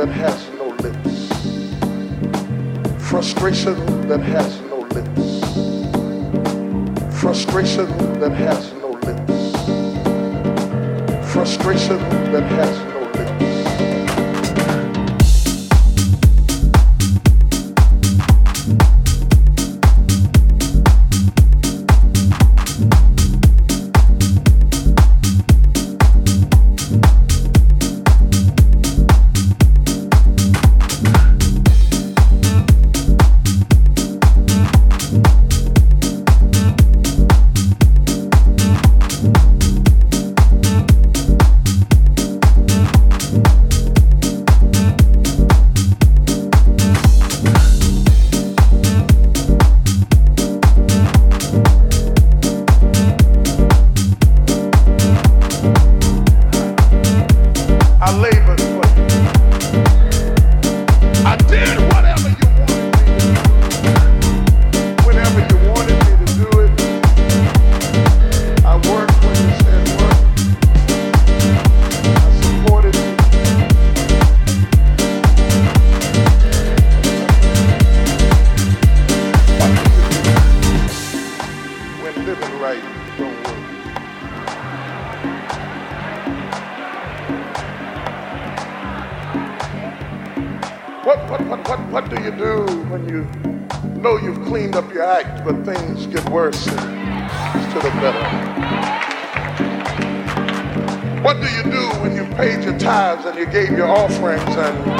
that has gave your offerings and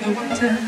the winter.